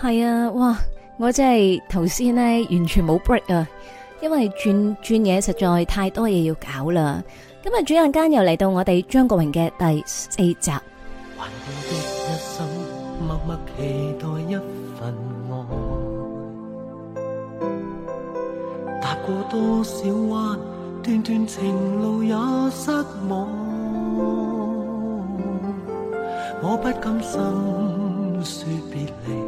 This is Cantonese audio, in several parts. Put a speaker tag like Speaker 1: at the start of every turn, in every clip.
Speaker 1: 係啊，哇，我真係頭先呢完全冇 break 啊，因為轉轉嘢，實在太多嘢要搞啦，今日轉眼間又嚟到我哋張國榮嘅第四集。
Speaker 2: 還有一生默默期待一份愛踏過多少啊，段段情路也失望，我不甘心說別離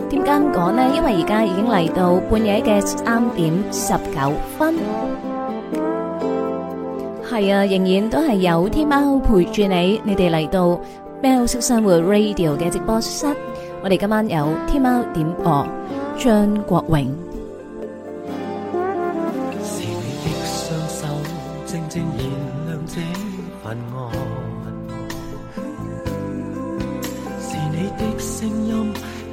Speaker 1: 點解唔講咧？因為而家已經嚟到半夜嘅三點十九分，係啊，仍然都係有天喵陪住你。你哋嚟到喵式生活 Radio 嘅直播室，我哋今晚有天喵點播張國榮。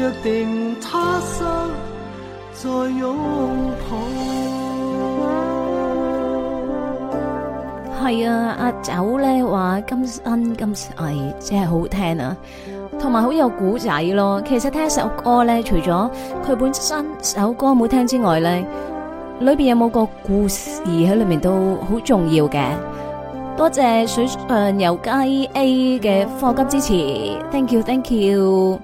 Speaker 2: 約定他生
Speaker 1: 再擁抱。係啊，阿酒咧話今生今世真係好聽啊，同埋好有古仔咯。其實聽一首歌咧，除咗佢本身首歌好聽之外咧，裏邊有冇個故事喺裏面都好重要嘅。多謝水誒油加 E A 嘅課金支持，Thank you，Thank you。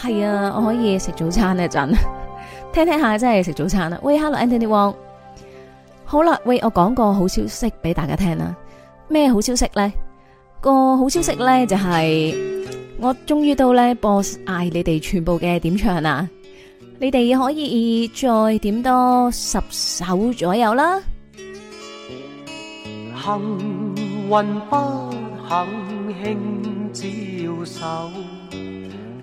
Speaker 1: 係啊，我可以食早餐一陣， 聽聽下真係食早餐啦。喂，Hello Anthony Wong，好啦。喂，我講個好消息俾大家聽啦。咩好消息咧？個好消息咧就係、是、我終於到咧，boss 嗌你哋全部嘅點唱啊！你哋可以再點多十首左右啦。
Speaker 2: 幸運不肯輕招手。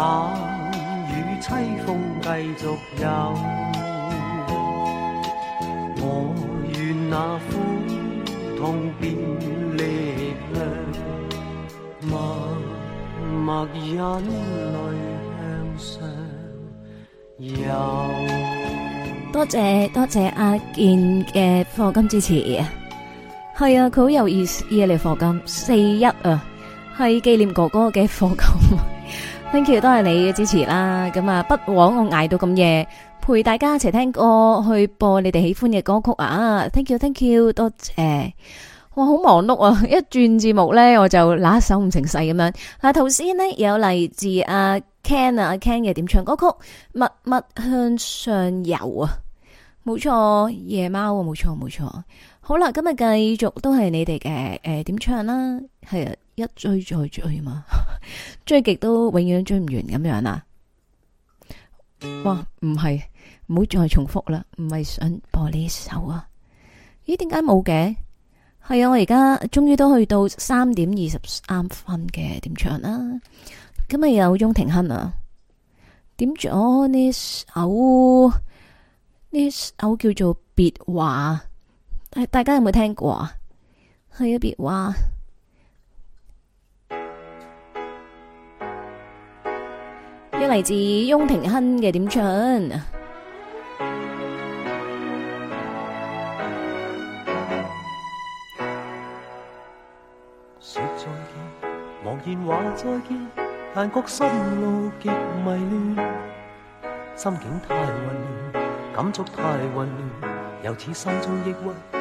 Speaker 2: 雨、我那、啊、默默
Speaker 1: 多謝多謝阿、啊、健嘅課金支持是啊！係啊，佢好有意思嘅嚟課金四一啊，係紀念哥哥嘅課金。Thank you，都係你嘅支持啦。咁啊，不枉我捱到咁夜，陪大家一齊聽歌，去播你哋喜歡嘅歌曲啊！Thank you，Thank you，多謝。我好忙碌啊，一轉字幕呢，我就拿手唔成勢咁樣。嗱、啊，頭先呢，有嚟自阿、啊、Ken 阿、啊、Ken 嘅點唱歌曲《默默向上游》啊，冇錯，夜貓啊，冇錯冇錯。好啦，今日繼續都係你哋嘅，誒，點、呃、唱啦、啊？係、啊、一追再追嘛， 追極都永遠追唔完咁樣啊？哇，唔係唔好再重複啦，唔係想播呢首啊？咦，點解冇嘅？係啊，我而家終於都去到三點二十三分嘅點唱啦、啊。今日有鍾庭亨啊？點咗呢首？呢首叫做別話。大大家有冇聽過啊？喺一邊話，一嚟自翁庭亨嘅點唱。
Speaker 2: 說再見，茫然話再見，但覺心路極迷亂，心境太混亂，感觸太混亂，由此心中抑鬱，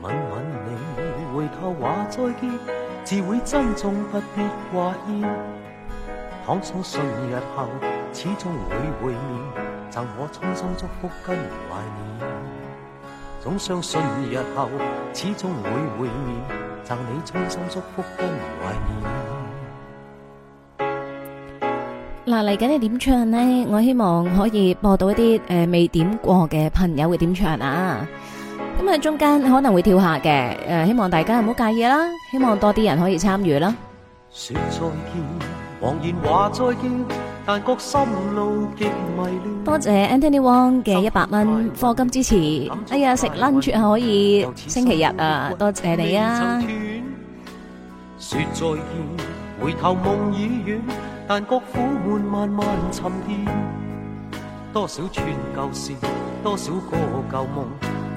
Speaker 2: 吻吻你，回頭話再見，自會珍重，不必掛牽。倘相信日後，始終會會面，贈我衷心祝福跟懷念。總相信日後，始終會會面，贈你衷心祝福跟懷念。
Speaker 1: 嗱，嚟緊你點唱呢？我希望可以播到一啲誒未點過嘅朋友會點唱啊！咁喺中間可能會跳下嘅，誒，希望大家唔好介意啦，希望多啲人可以參與
Speaker 2: 啦。多
Speaker 1: 謝 Anthony Wong 嘅一百蚊課金，支持，哎呀，食 lunch 啊可以，星期日啊，多
Speaker 2: 謝你啊。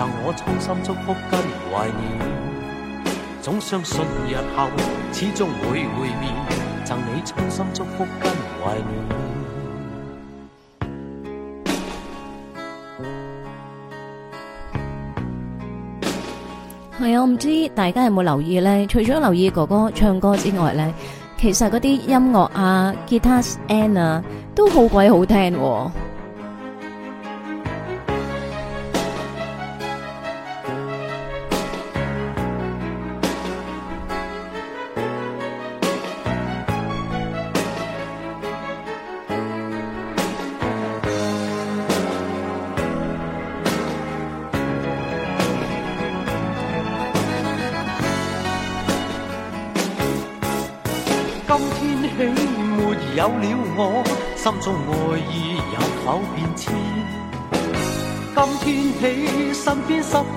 Speaker 2: 贈我衷心祝福跟懷念，總相信日後始終會會面。贈你衷心祝福跟懷念。
Speaker 1: 係啊，我唔知大家有冇留意咧？除咗留意哥哥唱歌之外咧，其實嗰啲音樂啊，吉他 N 啊，都好鬼好聽啊。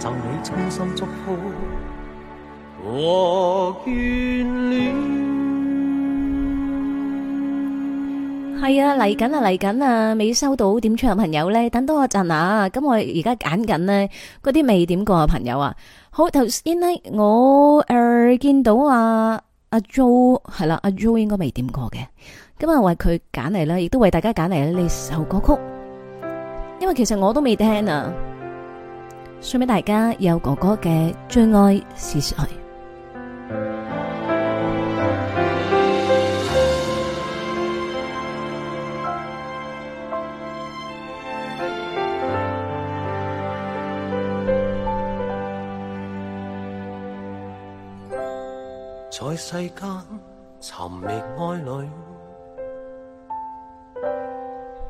Speaker 2: 就你衷心祝福我眷戀，
Speaker 1: 係啊嚟緊啊嚟緊啊！未收到點唱嘅朋友咧，等多一陣啊！咁我而家揀緊咧，嗰啲未點過嘅朋友啊，好頭先咧，我誒，見到阿、阿 Jo 係啦，阿 Jo 應該未點過嘅，咁啊為佢揀嚟啦，亦都為大家揀嚟啦呢首歌曲，因為其實我都未聽啊。送畀大家，有哥哥嘅最愛是誰？
Speaker 2: 在世間尋覓愛侶，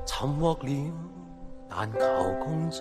Speaker 2: 尋獲了，但求共聚。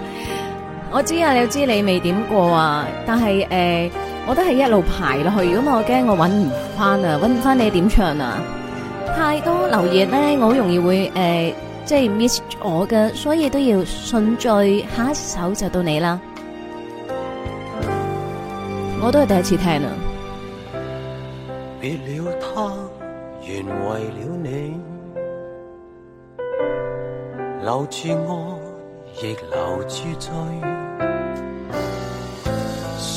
Speaker 1: 我知啊，知你知你未點過啊，但係誒、呃，我都係一路排落去，如果我驚我搵唔翻啊，搵唔翻你點唱啊？太多留言咧，我好容易會誒，即、呃、係、就是、miss 我嘅，所以都要順序，下一首就到你啦。我都係第一次聽啊。
Speaker 2: 別了他，原為了你，留住我，亦留住醉。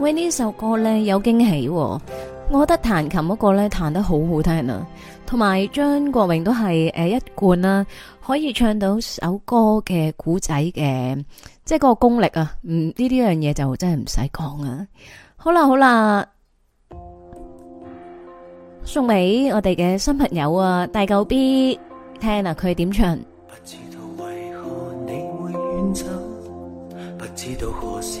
Speaker 1: 喂，呢首歌咧有驚喜，哦，我覺得彈琴嗰個咧彈得好好聽啊，同埋張國榮都係誒、呃、一貫啦，啊，可以唱到首歌嘅古仔嘅，即係嗰個功力啊，嗯呢啲樣嘢就真係唔使講啊。好啦好啦，送俾我哋嘅新朋友啊，大舊 B 聽啊，佢點唱？不知道
Speaker 2: 為何你會遠走，不知道何時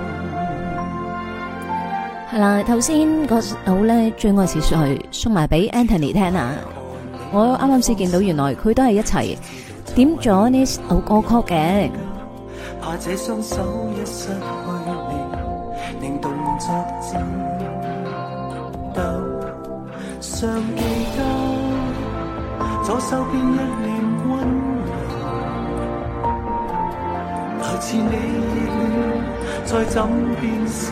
Speaker 1: 係啦，頭先嗰首呢，最愛是誰，送埋俾 Anthony 聽啊！我啱啱先見到，原來佢都係一齊點咗呢首歌曲嘅。
Speaker 2: 一一左手你再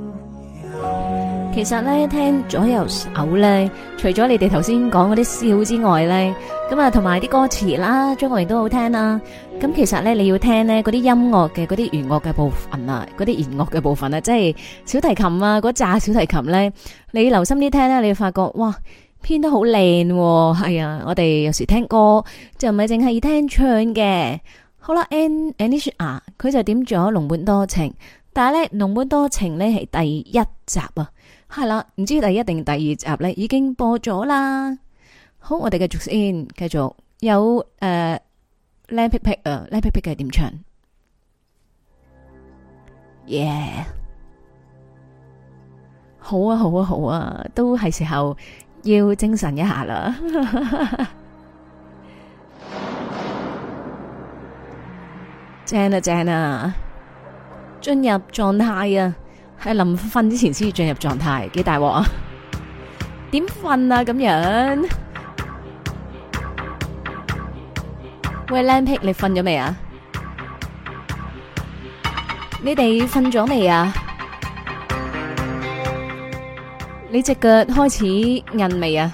Speaker 1: 其實咧，聽左右手咧，除咗你哋頭先講嗰啲笑之外咧，咁啊，同埋啲歌詞啦，張國榮都好聽啦、啊。咁其實咧，你要聽咧嗰啲音樂嘅嗰啲弦樂嘅部分啊，嗰啲弦樂嘅部分啊，即係小提琴啊，嗰扎小提琴咧，你要留心啲聽咧，你會發覺哇，編得好靚係啊。我哋有時候聽歌就唔係淨係聽唱嘅。好啦，N Nisha 佢就點咗《儂本多情》，但係咧，《儂本多情》咧係第一集啊。係啦，唔知第一定第二集咧，已經播咗啦。好，我哋繼續先，繼續有誒，靚屁屁啊，靚屁屁嘅點唱，耶！Yeah. 好啊，好啊，好啊，都係時候要精神一下啦。 正啊正啊，進入狀態啊！喺臨瞓之前先要進入狀態，幾大鑊啊！點瞓啊？咁樣，喂，靚皮，你瞓咗未啊？你哋瞓咗未啊？你隻腳開始韌未啊？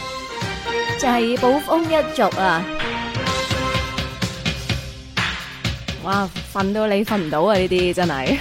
Speaker 1: 就係暴風一族啊！哇，瞓到你瞓唔到啊！呢
Speaker 3: 啲
Speaker 2: 真係。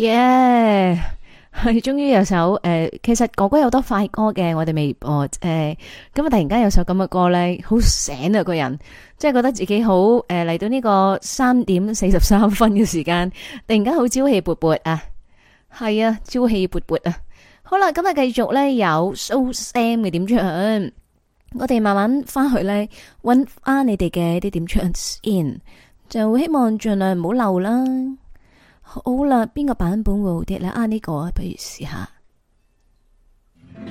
Speaker 1: 耶、yeah，係終於有首誒、呃，其實哥哥有多快歌嘅，我哋未播誒，咁、哦、啊、呃、突然間有首咁嘅歌咧，好醒啊個人，即係覺得自己好誒嚟、呃、到呢個三點四十三分嘅時間，突然間好朝氣勃勃啊，係啊，朝氣勃勃啊，好啦，今日繼續咧，有 So Sam 嘅點唱，我哋慢慢翻去咧，搵翻你哋嘅啲點唱 in，就希望盡量唔好漏啦。好啦，邊個版本會好啲咧？啊，呢個不如試下，嗯、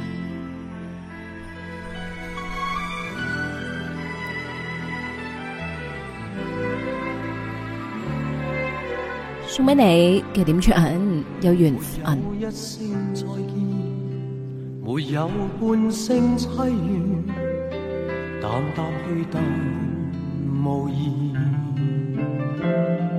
Speaker 1: 送俾你嘅點播？有緣，沒有
Speaker 2: 一生再見，沒有半生淡淡去無意，緣。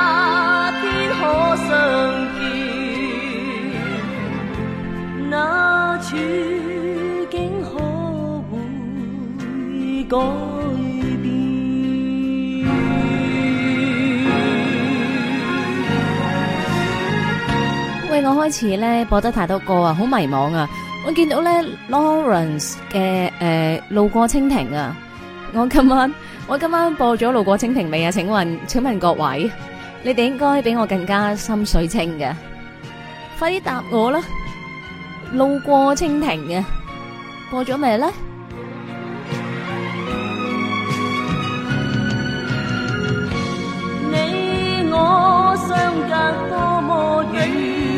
Speaker 1: 開始咧播得太多歌啊，好迷茫啊！我見到咧 Lawrence 嘅誒路過蜻蜓啊，我今晚我今晚播咗路過蜻蜓未啊？請問，請問各位，你哋應該比我更加心水清嘅，快啲答我啦！路過蜻蜓嘅播咗未咧？
Speaker 3: 你我相隔多麼遠？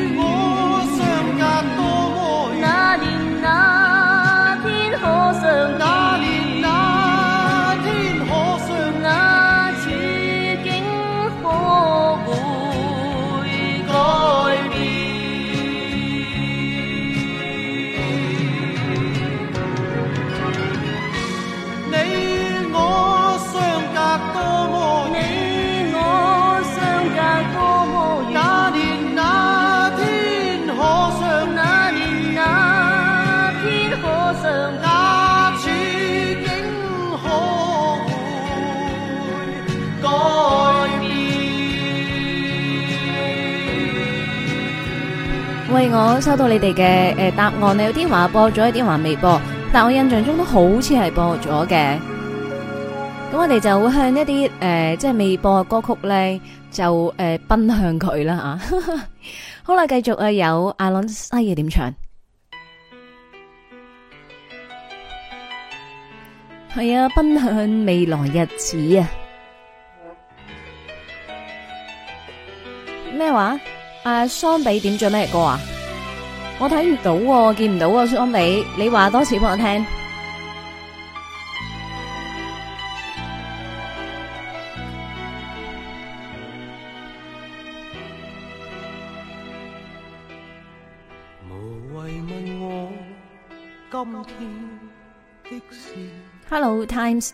Speaker 1: 為我收到你哋嘅誒答案咧，有啲話播咗，有啲話未播。但我印象中都好似係播咗嘅。咁我哋就會向一啲誒、呃，即係未播嘅歌曲咧，就誒、呃、奔向佢啦啊！ 好啦，繼續啊，有阿 Ron 西嘅點唱，係啊，奔向未來日子啊，咩話？誒，雙比點唱咩歌啊？我睇唔到，見唔到個雙比，你話多次畀我聽。
Speaker 2: 無謂問我
Speaker 1: 今天 Hello Times。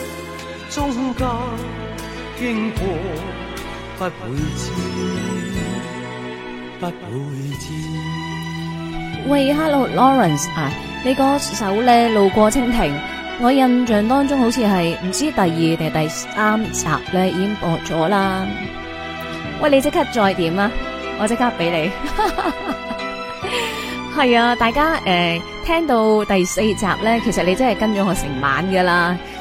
Speaker 2: 中間經過不會知不會知。
Speaker 1: 喂，Hello Lawrence 啊，你個首咧？路過蜻蜓，我印象當中好似係唔知第二定第三集咧，已經播咗啦。喂，你即刻再點啊？我即刻俾你。係 啊，大家誒、呃，聽到第四集咧，其實你真係跟咗我成晚噶啦。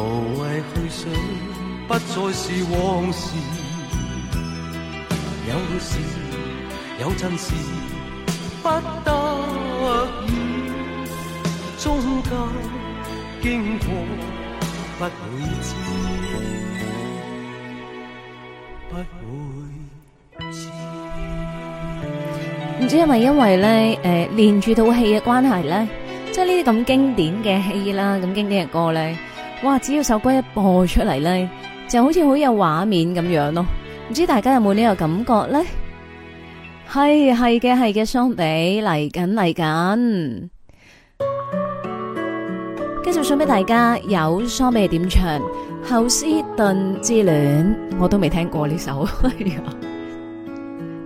Speaker 2: 無謂去想，不再是往事。有時有陣時，不得已，終究經過，不會知，
Speaker 3: 不會知。
Speaker 1: 唔知係咪因為咧，誒、呃，連住套戲嘅關係咧，即係呢啲咁經典嘅戲啦，咁經典嘅歌咧。哇！只要首歌一播出嚟咧，就好似好有畫面咁樣咯，唔知大家有冇呢個感覺咧？係係嘅係嘅，桑比嚟緊嚟緊，
Speaker 4: 繼 續送俾大
Speaker 1: 家有桑比點唱侯斯頓之戀，我都未聽過呢首，係 啊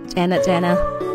Speaker 1: ，Jan 啊 Jan 啊。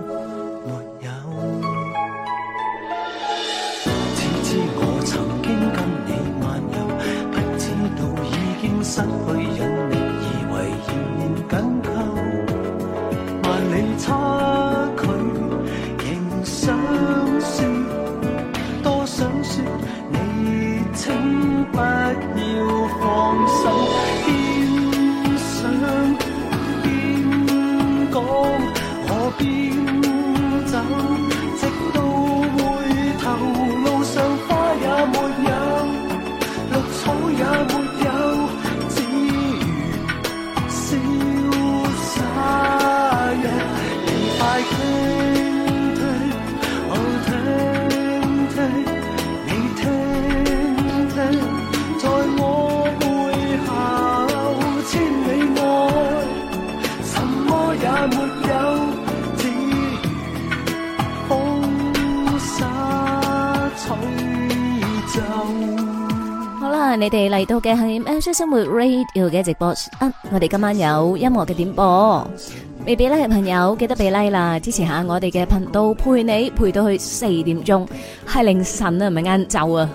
Speaker 1: 你哋嚟到嘅係《喵式生活 Radio》嘅直播，啊！我哋今晚有音樂嘅點播，未俾 like 嘅朋友記得俾 like 啦，支持下我哋嘅頻道，陪你陪到去四點鐘，係凌晨啊，唔係晏晝啊。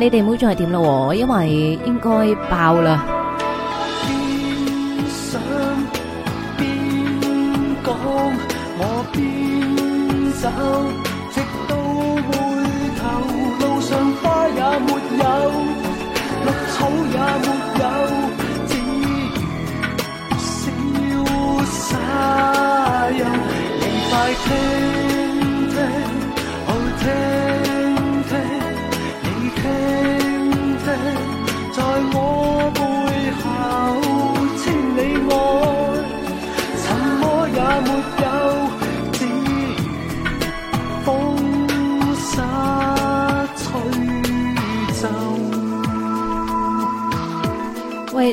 Speaker 1: 你哋唔好再點咯，因為應該爆
Speaker 2: 啦。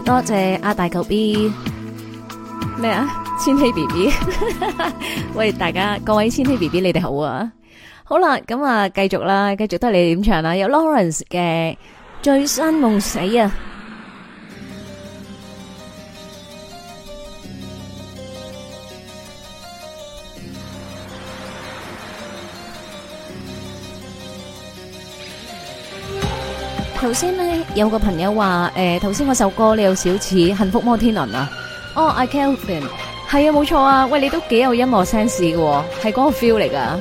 Speaker 1: 多謝阿大狗 B，咩啊？千禧 BB，喂大家各位千禧 BB，你哋好啊！好啦，咁啊繼續啦，繼續都係你哋點唱啦，有 Lawrence 嘅《醉生夢死》啊。頭先咧有個朋友話誒，頭先嗰首歌你有少似《幸福摩天輪》啊？哦，叫 Kelvin，係啊，冇錯啊，喂，你都幾有音樂 sense 嘅，係嗰個 feel 嚟噶。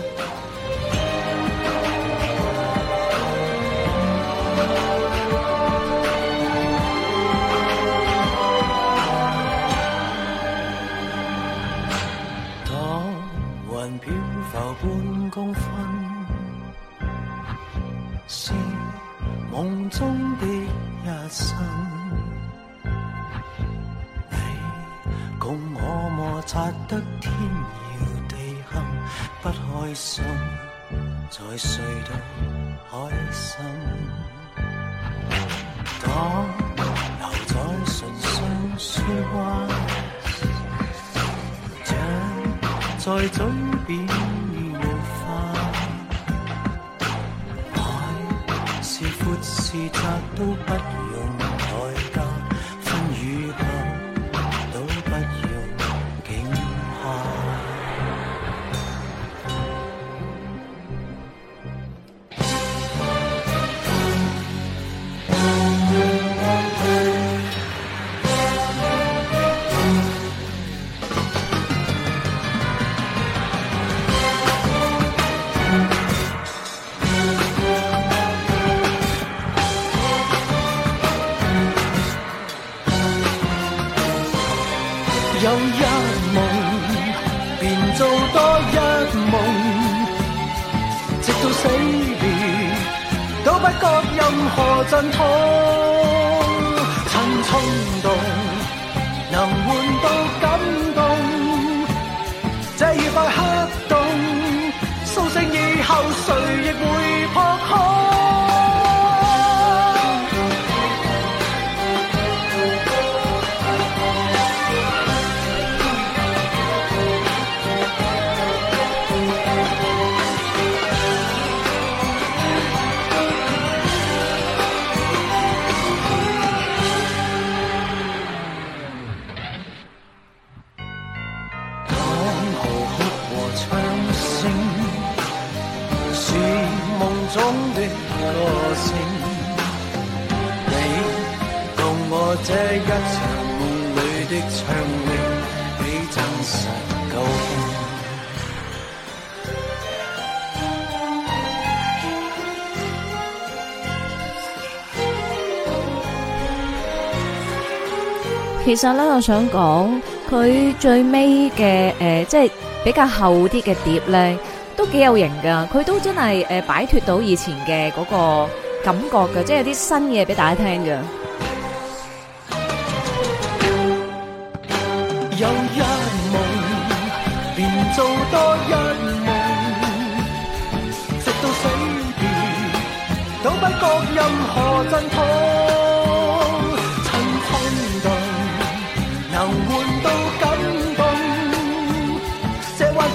Speaker 1: 其實咧，我想講佢最尾嘅，誒，即係比較厚啲嘅碟咧，都幾有型噶。佢都真係誒擺脫到以前嘅嗰個感覺噶，即係有啲新嘢俾大家聽嘅。
Speaker 2: 有一夢，連做多一夢，直到死別都不覺任何陣痛。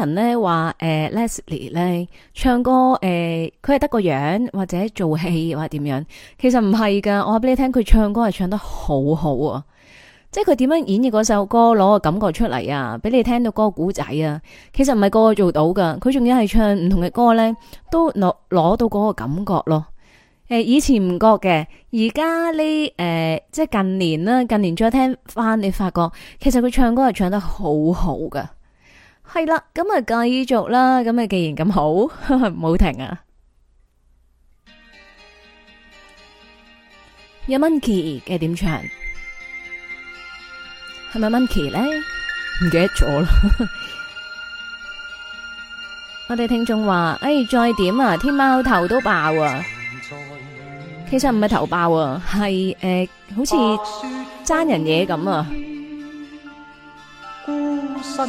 Speaker 1: 人咧話誒，Leslie 咧唱歌誒，佢係得個樣或者做戲或者點樣，其實唔係噶。我話俾你聽，佢唱歌係唱得好好啊！即係佢點樣演繹嗰首歌，攞個感覺出嚟啊，俾你聽到嗰個故仔啊。其實唔係個個做到噶，佢仲要係唱唔同嘅歌咧，都攞攞到嗰個感覺咯。誒、呃，以前唔覺嘅，而家呢誒、呃，即係近年啦，近年再聽翻，你發覺其實佢唱歌係唱得好好、啊、噶。係啦，咁啊繼續啦，咁啊既然咁好，唔好停啊！有 monkey 嘅點唱，係咪 monkey 咧？唔記得咗啦。我哋聽眾話，誒，再點啊？天喵頭都爆啊！其實唔係頭爆啊，係誒，好似爭人嘢咁啊！
Speaker 3: 孤
Speaker 2: 身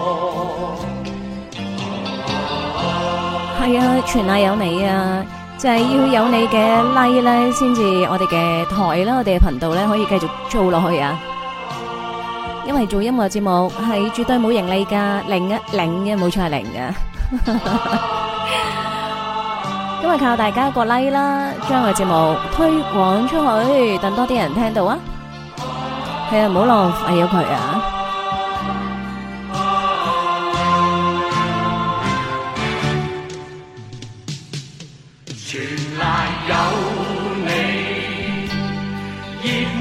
Speaker 1: 係啊，全賴有你啊！就係要有你嘅 like 咧，先至我哋嘅台啦，我哋嘅頻道咧可以繼續做落去啊！因為做音樂節目係絕對冇盈利噶，零一零嘅冇錯係零嘅。 今日靠大家一個 like 啦，將個節目推廣出去，等多啲人聽到啊！係啊，唔好浪費咗佢啊！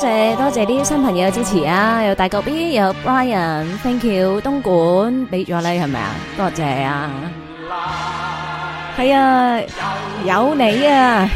Speaker 1: 多謝多謝啲新朋友嘅支持啊，有大狗 B，有 Brian，Thank you，東莞俾咗你，係咪啊？多謝啊，係啊，有你啊。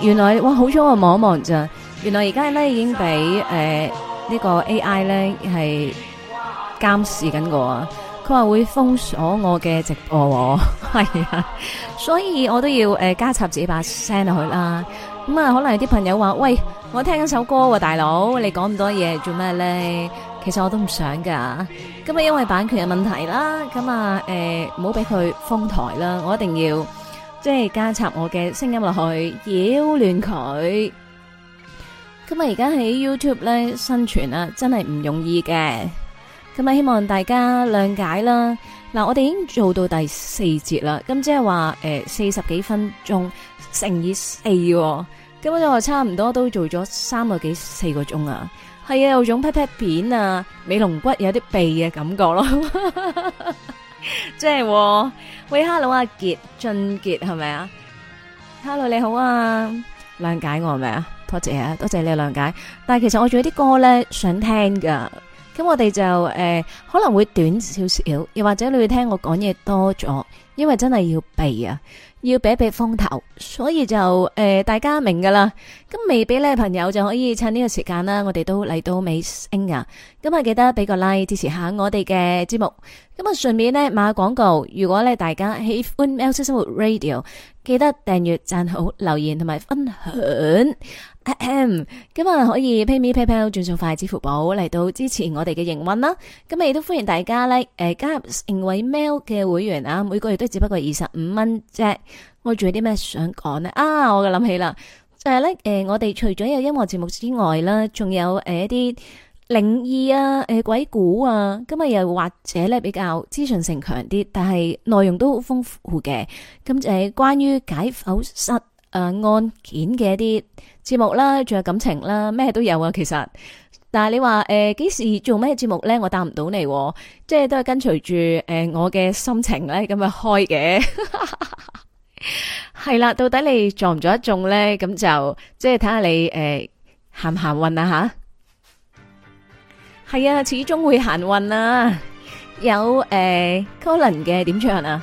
Speaker 1: 原來哇，好彩我望一望咋。原來而家咧已經俾誒呢個 AI 咧係監視緊我，佢話會封鎖我嘅直播，哦，係 啊，所以我都要誒、呃、加插自己把聲落去啦。咁，嗯、啊，可能有啲朋友話：喂，我聽緊首歌喎，啊，大佬，你講咁多嘢做咩咧？其實我都唔想噶，咁啊，因為版權嘅問題啦，咁，嗯、啊、誒、呃，唔好俾佢封台啦，我一定要。即係加插我嘅聲音落去，擾亂佢。咁我而家喺 YouTube 咧生存啦，真係唔容易嘅。咁我希望大家諒解啦。嗱，我哋已經做到第四節啦，咁即係話誒四十幾分鐘乘以四，咁我就差唔多都做咗三個幾四個鐘啊。係啊，有種 pat pat 片啊，尾龍骨有啲鼻嘅感覺咯。 即 係喂，Hello 啊，杰，俊杰係咪啊？Hello 你好啊，諒解我係咪啊？多謝啊，多謝你諒解。但係其實我仲有啲歌咧想聽噶，咁我哋就誒、呃、可能會短少少，又或者你會聽我講嘢多咗，因為真係要避啊。要俾一俾風頭，所以就誒，大家明噶啦。咁未俾呢朋友就可以趁呢個時間啦，我哋都嚟到尾聲㗎。今日記得俾個 Like 支持下我哋嘅節目，咁啊順便呢買下廣告。如果咧大家喜歡喵式生活 Radio，記得訂閱、讚好、留言同埋分享。M，咁啊，可以 PayMe、PayPal、轉數快、支付寶嚟到支持我哋嘅營運啦。咁啊，亦都歡迎大家咧，誒加入成為 mail 嘅會員啊，每個月都只不過二十五蚊啫。我仲有啲咩想講咧？啊，我就諗起啦，就係咧，誒我哋除咗有音樂節目之外啦，仲有誒一啲靈異啊、誒鬼故啊。咁啊又或者咧，比較資訊性強啲，但係內容都好豐富嘅。咁就係關於解剖室誒案件嘅一啲。節目啦，仲有感情啦，咩都有啊，其實。但係你話誒，幾、呃、時做咩節目咧？我答唔到你，即係都係跟隨住誒我嘅心情咧咁樣開嘅。係 啦，到底你撞唔撞得中咧？咁就即係睇下你誒、呃、行唔行運啊吓。係啊，始終會行運啊。有誒，Colin 嘅點唱啊？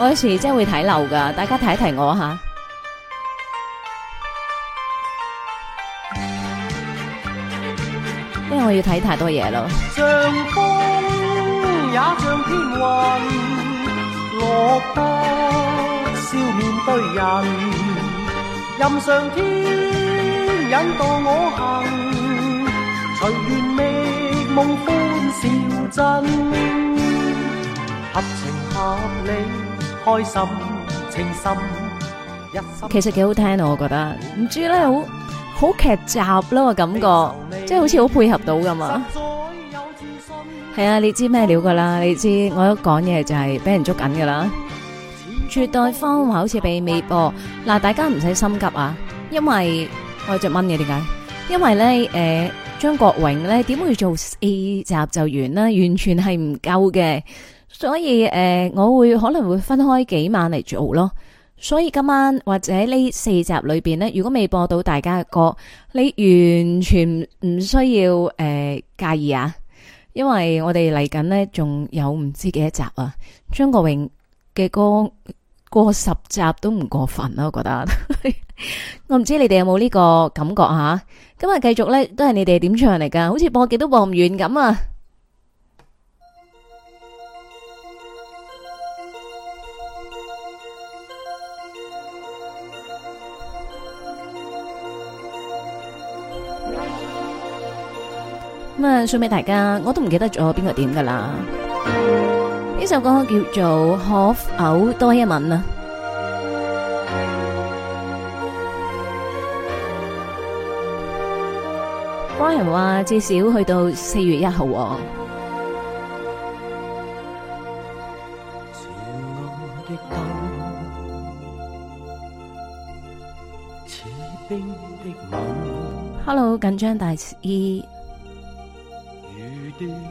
Speaker 1: 我有時真係會睇漏噶，大家睇睇我吓，因為我
Speaker 2: 要睇太多嘢咯。心，情深，一其實
Speaker 1: 幾好聽啊，我覺得唔知咧好好劇集咯，我感覺即係好似好配合到噶啊。
Speaker 3: 係啊，
Speaker 1: 你知咩料噶啦？你知我一講嘢就係俾人捉緊噶啦。絕代芳華好似俾微博嗱，啊，大家唔使心急啊，因為我着蚊嘅。點解？因為咧誒，張、呃、國榮咧點會做四集就完啦？完全係唔夠嘅。所以誒、呃，我會可能會分開幾晚嚟做咯。所以今晚或者呢四集裏邊呢，如果未播到大家嘅歌，你完全唔需要誒、呃、介意啊。因為我哋嚟緊呢仲有唔知幾多集啊。張國榮嘅歌過十集都唔過分啦、啊，我覺得。 我唔知你哋有冇呢個感覺啊？今日繼續呢，都係你哋點唱嚟噶，好似播極都播唔完咁啊！咁啊，送俾大家，我都唔記得咗邊個點噶啦。呢首歌叫做《可否多一吻》啊。Brian 話至少去到四月一號啊。Hello，緊張大姨。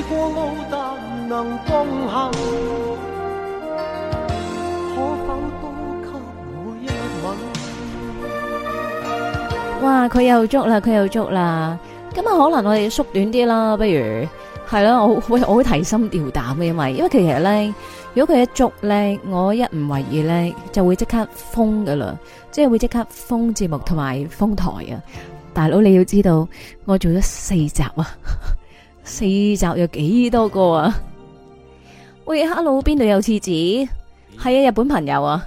Speaker 1: 過能行，哇！佢又捉啦，佢又捉啦。咁啊，可能我哋縮短啲啦。不如係啦、啊、我會我會提心吊膽嘅，因為因為其實咧，如果佢一捉咧，我一唔為意咧，就會即刻封噶啦，即係會即刻封節目同埋封台啊！大佬你要知道，我做咗四集啊！ 四集有幾多個啊？喂，Hello，邊度有廁紙？係啊，日本朋友啊。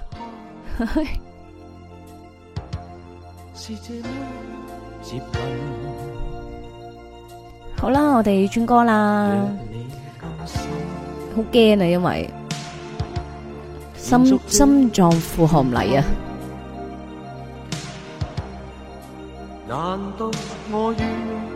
Speaker 1: 好啦，我哋轉歌啦。好驚啊，因為心心臟負荷唔嚟啊。
Speaker 2: 難道我與？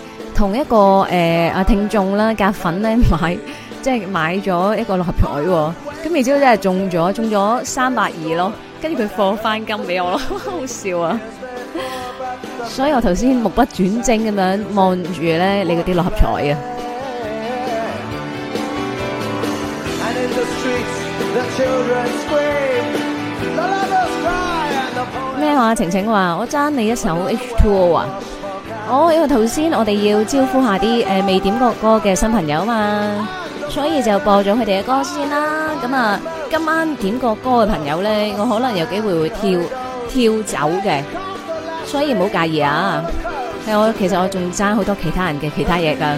Speaker 1: 同一個誒啊、呃、聽眾啦，夾粉咧買，即係買咗一個六合彩喎，咁未知真係中咗，中咗三百二咯，跟住佢放翻金俾我咯，好笑啊！所以我頭先目不轉睛咁樣望住咧你嗰啲六合彩
Speaker 4: 啊！
Speaker 1: 咩話？晴晴話：我爭你一首 H Two 啊！哦，因為頭先我哋要招呼下啲誒未點過歌嘅新朋友嘛，所以就播咗佢哋嘅歌先啦。咁啊，今晚點過歌嘅朋友咧，我可能有機會會跳跳走嘅，所以唔好介意啊。係，我其實我仲爭好多其他人嘅其他嘢㗎。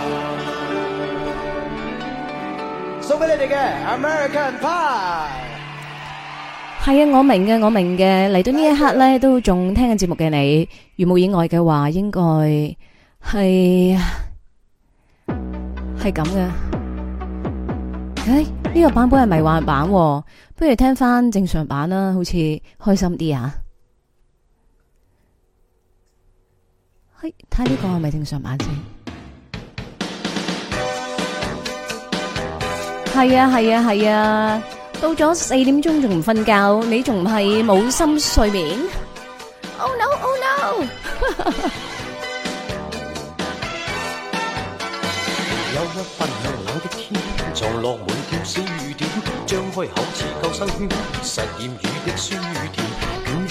Speaker 4: 送俾你哋嘅
Speaker 1: American Pie。係啊，我明嘅，我明嘅。嚟到呢一刻咧，都仲聽緊節目嘅你，如無意外嘅話，應該係係咁嘅。唉，呢、欸這個版本係迷幻版，不如聽翻正常版啦，好似開心啲啊！嘿、欸，睇下呢個係咪正常版先。係啊係啊係啊！到咗四點鐘仲唔瞓覺，你仲唔係冇
Speaker 2: 心睡眠？Oh no! Oh no!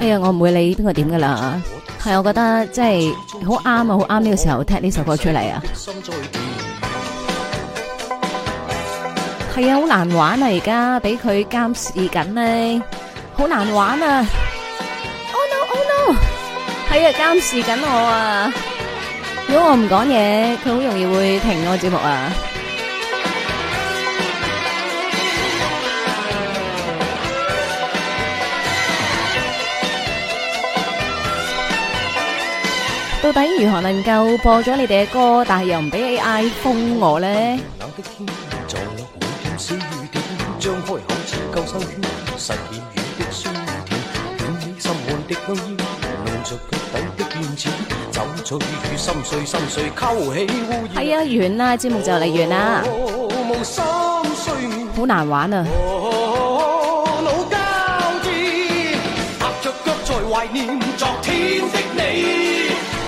Speaker 1: 哎呀，我唔會理邊個點噶啦，係我覺得即係好啱啊，好啱呢個時候聽呢首歌出嚟啊。係啊，好難玩啊，而家俾佢監視緊呢，好難玩啊。Oh no! Oh no! 係啊，監視緊我啊，如果我唔講嘢，佢好容易會停我節目啊。到底如何能夠播咗你哋嘅歌，
Speaker 2: 但係又唔俾 AI 封我呢？係啊、哎，完
Speaker 1: 啦，節目就嚟完啦，哦，無心碎，好難玩啊！
Speaker 2: 哦老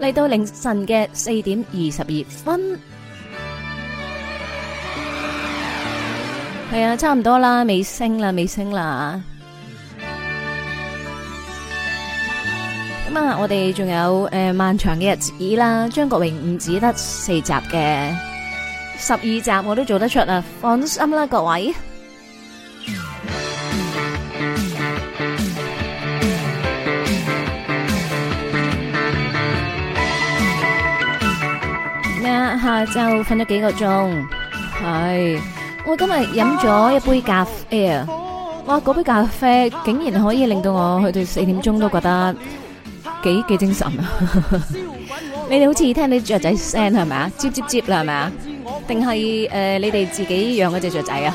Speaker 1: 嚟到凌晨嘅四點二十二分，係啊，差唔多啦，尾聲啦，尾聲啦。咁啊，我哋仲有誒、呃、漫長嘅日子啦。張國榮唔止得四集嘅，十二集我都做得出啦，放心啦，各位。下晝瞓咗幾個鐘，係我今日飲咗一杯咖啡啊！哇，嗰杯咖啡竟然可以令到我去到四點鐘都覺得幾幾精神啊！你哋好似聽啲雀仔聲係咪啊？嘰嘰嘰啦係咪啊？定係誒你哋自己養嗰隻雀仔啊？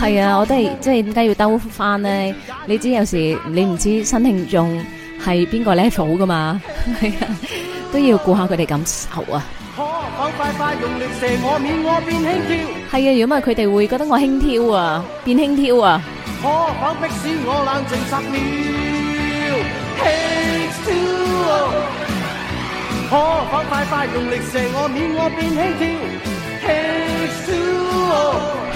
Speaker 1: 係啊，我都係，即係點解要兜翻呢？México, 你知有時你唔知新聽眾係邊個 level 噶嘛，係啊， 都要顧下佢哋感受啊。係啊，如果唔係佢哋會覺得我輕佻啊，變輕佻啊。可否快
Speaker 2: 快用力射
Speaker 4: 我，免我變輕佻。可否迫使我冷靜十秒，免我變輕佻。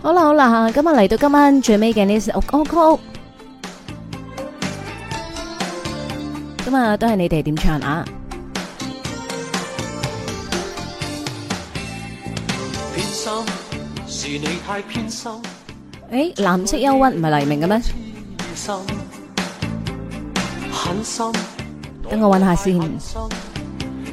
Speaker 1: 好啦好啦吓今日嚟到今晚最尾嘅呢首歌曲今日都係你哋點唱啊？
Speaker 2: 偏心，
Speaker 1: 藍色憂鬱唔係黎明嘅
Speaker 2: 咩？
Speaker 1: 等我搵下先。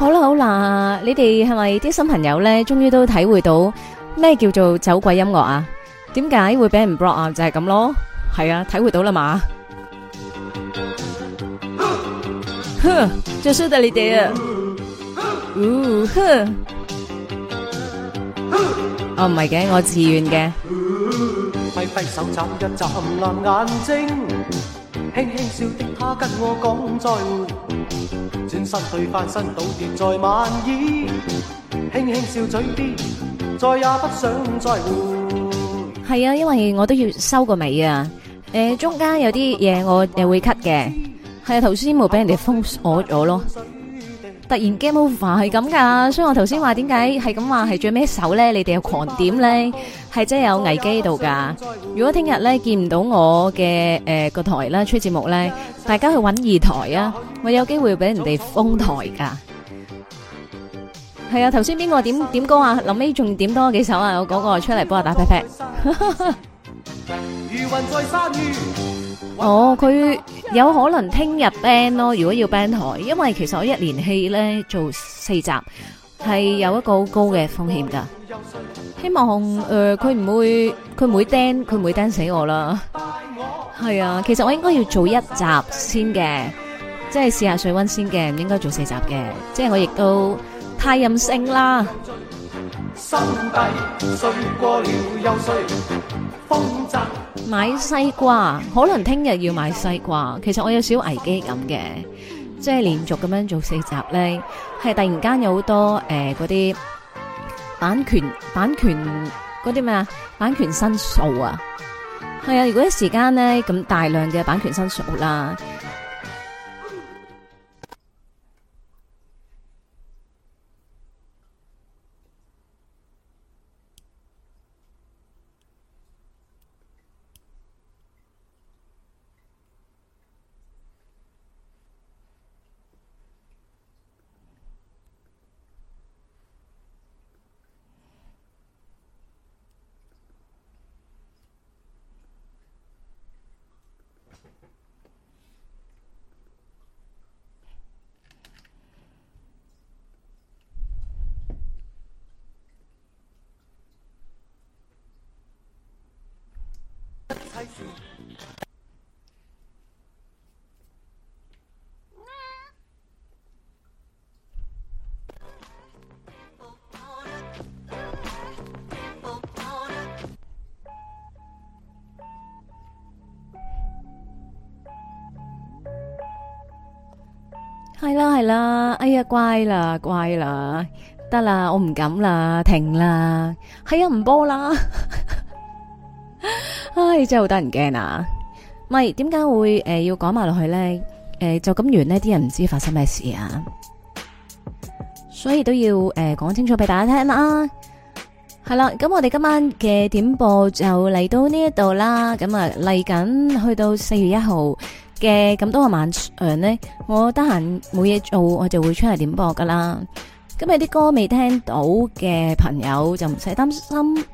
Speaker 1: 好啦好啦，你哋係咪啲新朋友咧？終於都體會到咩叫做走鬼音樂啊？點解會俾人 block 啊？就係咁咯，係啊，體會到啦嘛。哼，着數得你哋啊！唔
Speaker 3: 哼，
Speaker 1: 我唔係嘅，我自願嘅。
Speaker 2: 揮揮手，眨一眨藍眼睛，輕輕笑的他跟我講再會。
Speaker 1: 係啊，因為我都要收個尾啊。誒、呃，中間有啲嘢我又會 cut 嘅，係啊，頭先冇俾人哋封鎖咗咯。突然 game over 係咁噶，所以我頭先話點解係咁話係最尾一首咧？你哋有狂點咧？係真係有危機度噶。如果聽日咧見唔到我嘅誒、呃、個台啦，出節目咧，大家去搵二台啊！我有機會俾人哋封台噶。係啊，頭先邊個點點歌啊？臨尾仲點多幾首啊？我嗰個出嚟幫我打 pat pat。 哦，佢有可能聽日 ban 咯，如果要 ban 台，因為其實我一年戲咧做四集，係有一個好高嘅風險㗎。希望誒佢唔會佢唔會釘，佢唔會釘死我啦。係啊，其實我應該要做一集先嘅，即係試下水温先嘅，唔應該做四集嘅。即係我亦都太任性啦。買西瓜，可能聽日要買西瓜。其實我有少危機感咁嘅，即係連續咁樣做四集咧，係突然間有好多誒嗰啲版權版權嗰啲咩啊版權申訴啊，係啊！如果一時間咧咁大量嘅版權申訴啦。乖啦，乖啦，得啦，我唔敢啦，停啦，係啊，唔播啦，唉，真係好得人驚啊！咪點解會誒要講埋落去咧？誒，就咁完呢，啲人唔知發生咩事啊！所以都要誒講清楚俾大家聽啦。係啦，咁我哋今晚嘅點播就嚟到呢一度啦。咁啊，嚟緊去到四月一號。嘅咁多個晚上呢。我得閒冇嘢做，我就會出嚟點播噶啦。咁有啲歌未聽到嘅朋友就唔使擔心，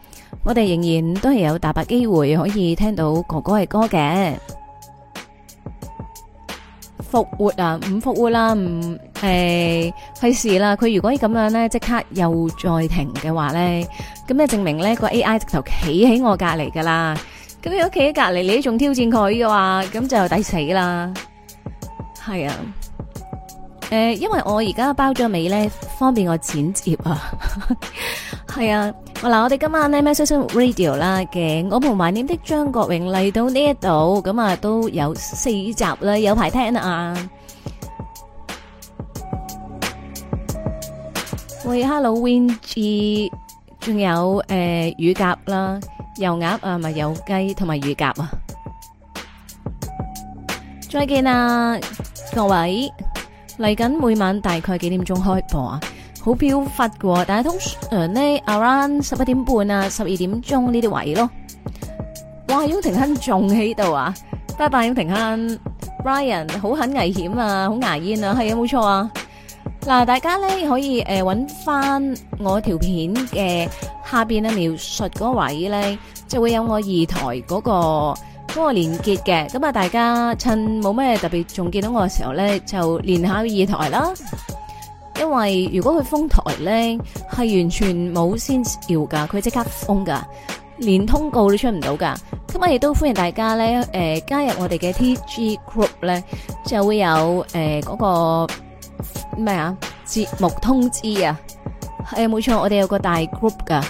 Speaker 1: 我哋仍然都係有大把機會可以聽到哥哥嘅歌嘅復活啊，唔復活啦，唔、嗯、係，費事啦。佢如果咁樣呢，即刻又再停嘅話呢，咁呢證明呢個 AI 直頭企喺我隔籬噶啦。咁佢屋企喺隔籬，你仲挑戰佢嘅話，咁就抵死啦。係啊，誒、呃，因為我而家包咗尾咧，方便我剪接啊。係 是啊，嗱， 我哋今晚咧《喵式生活 Radio》啦嘅，我們懷念的張國榮，嚟到呢一度，咁啊都有四集啦，有排聽啊。 喂，Hello Win G，仲有誒羽夾啦。油鴨啊，咪油雞同埋乳鴿啊！再見啊，各位！嚟緊每晚大概幾點鐘開播飆的啊？好飄忽嘅，但係通常咧 around 十一點半啊，十二點鐘呢啲位咯。哇！U 廷亨仲喺度啊！拜拜，U 廷亨！Ryan 好很危險啊，好牙煙啊，係啊，冇錯啊！嗱，大家咧可以誒搵翻我條片嘅下邊嘅描述嗰位咧，就會有我二台嗰，嗰個嗰，嗰個連結嘅。咁啊，大家趁冇咩特別仲見到我嘅時候咧，就連下二台啦。因為如果佢封台咧，係完全冇先兆噶，佢即刻封噶，連通告都出唔到噶。咁啊亦都歡迎大家咧，誒、呃、加入我哋嘅 T G group 咧，就會有誒嗰，呃嗰個。咩啊？節目通知啊？係啊，冇錯，我哋有個大 group 噶。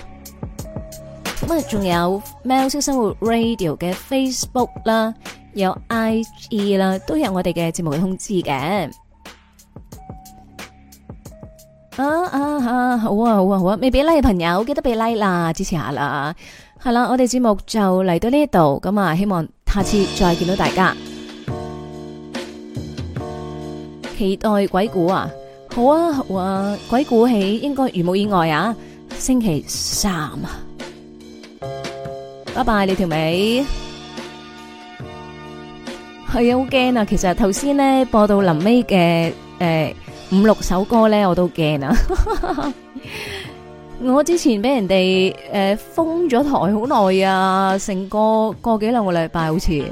Speaker 1: 咁啊，仲有喵式生活 radio 嘅 Facebook 啦，有 IG 啦，都有我哋嘅節目嘅通知嘅。啊啊啊！好啊，好啊，好啊！未俾 like 嘅朋友，記得俾 like 啦，支持下啦。係啦，我哋節目就嚟到呢一度，咁啊，希望下次再見到大家。期待鬼故啊！好啊好啊，鬼故起，應該如冇意外啊，星期三啊，拜拜你條尾。係、哎、啊，好驚啊！其實頭先呢播到臨尾嘅誒五六首歌咧，我都驚啊！ 我之前俾人哋誒、呃、封咗台好耐啊，成個個幾兩個禮拜好似，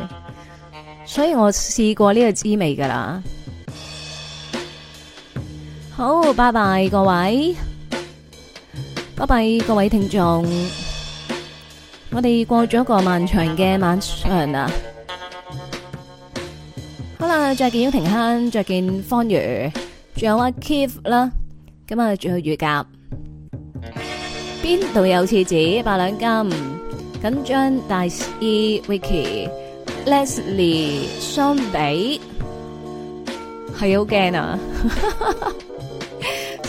Speaker 1: 所以我試過呢個滋味噶啦。好，拜拜各位，拜拜各位聽眾，我哋過咗一個漫長嘅晚上啦。好啦，再見永平坑，再見方宇，仲有阿 Keith 啦，咁啊，仲有雨夾。邊 度樂有廁紙？百兩金緊張，緊張大 E，Vicky，Leslie 雙比係好驚啊！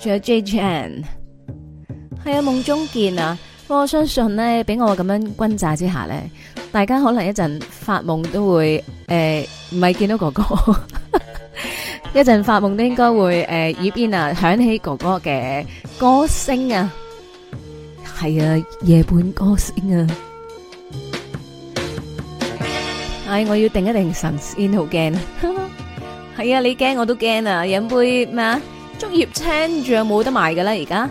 Speaker 1: 仲有 J J N，係啊夢中見啊！不過我相信咧，俾我咁樣轟炸之下咧，大家可能一陣發夢都會誒，唔係見到哥哥，一陣發夢都應該會誒，耳邊啊響起哥哥嘅歌聲啊，係啊夜半歌聲啊！哎，我要定一定神先好驚，係啊，你驚我都驚啊！飲杯咩啊？竹葉青仲有冇得賣嘅啦？而家，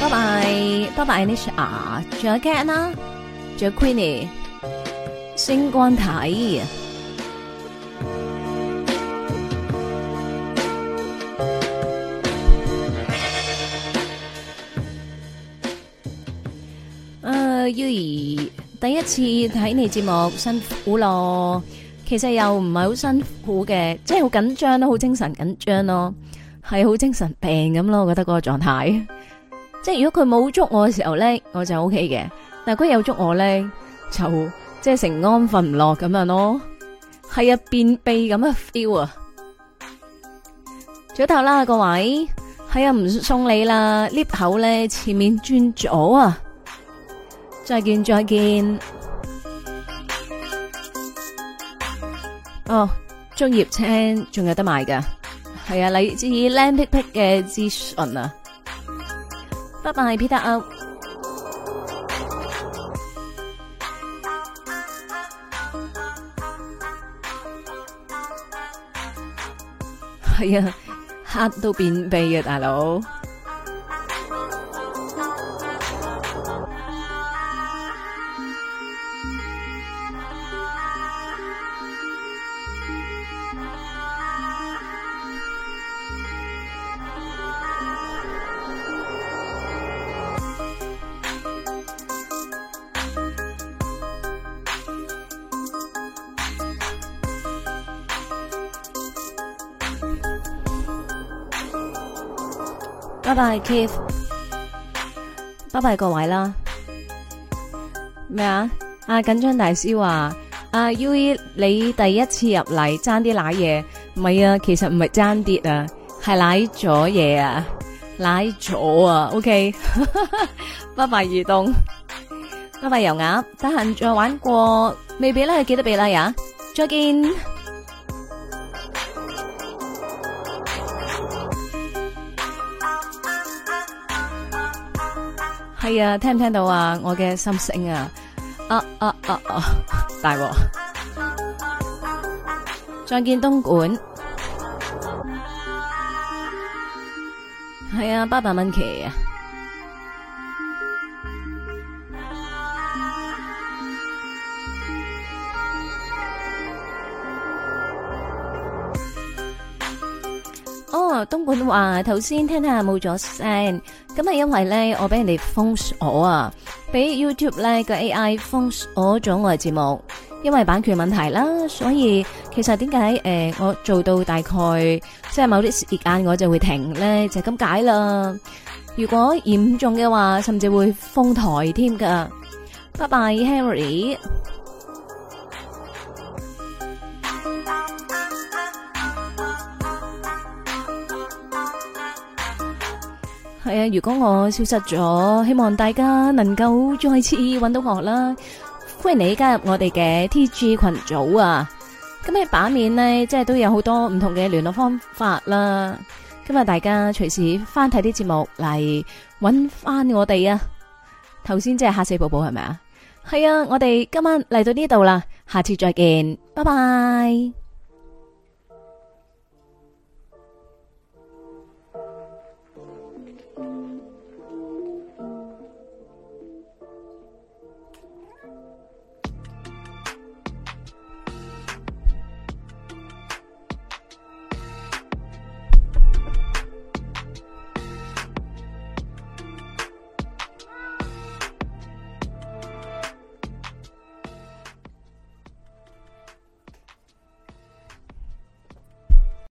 Speaker 1: 拜拜，拜拜，Anisha，仲有 Ken 啦，仲有 Queenie，星光體，誒，Uly，第一次睇你節目，辛苦咯。其實又唔係好辛苦嘅，即係好緊張咯，好精神緊張咯，係好精神病咁咯，我覺得嗰個狀態。 即係如果佢冇捉我嘅時候咧，我就 O K 嘅。但係佢有捉我咧，就即係成安瞓唔落咁樣咯。係啊，便秘咁嘅 feel 啊。早唞啦，各位，係、哎、啊，唔送你啦，lift 口咧，前面轉左啊。再見，再見。哦、oh，竹葉青仲有得賣噶，係啊，你自靚撇撇嘅資訊啊，拜拜，彼得啊，係 啊，黑都便秘嘅、啊、大佬。拜拜，Keith！拜拜各位啦。咩啊？阿緊張大師話：阿 U E 你第一次入嚟爭啲奶嘢，唔係啊，其實唔係爭啲啊，係奶咗嘢啊，奶咗啊。OK，拜拜移動，拜拜油鴨，得閒再玩過，未必啦，記得俾啦呀，再見。係啊，聽唔聽到啊？我嘅心聲啊！啊啊啊啊！大鑊，再見東莞。係啊，八百蚊期啊！東莞話，頭先聽下冇咗聲，咁係因為咧我俾人哋封鎖啊，俾 YouTube 咧個 AI 封鎖咗我嘅節目，因為版權問題啦。所以其實點解誒我做到大概即係某啲時間我就會停咧，就咁解啦。如果嚴重嘅話，甚至會封台添噶。拜拜，Harry。係啊！如果我消失咗，希望大家能夠再次揾到我啦。歡迎你加入我哋嘅 TG 群組啊！咁喺個版面呢，即係都有好多唔同嘅聯絡方法啦。今日大家隨時翻睇啲節目嚟揾翻我哋啊！頭先即係嚇死寶寶係咪啊？係啊！我哋今晚嚟到呢度啦，下次再見，拜拜。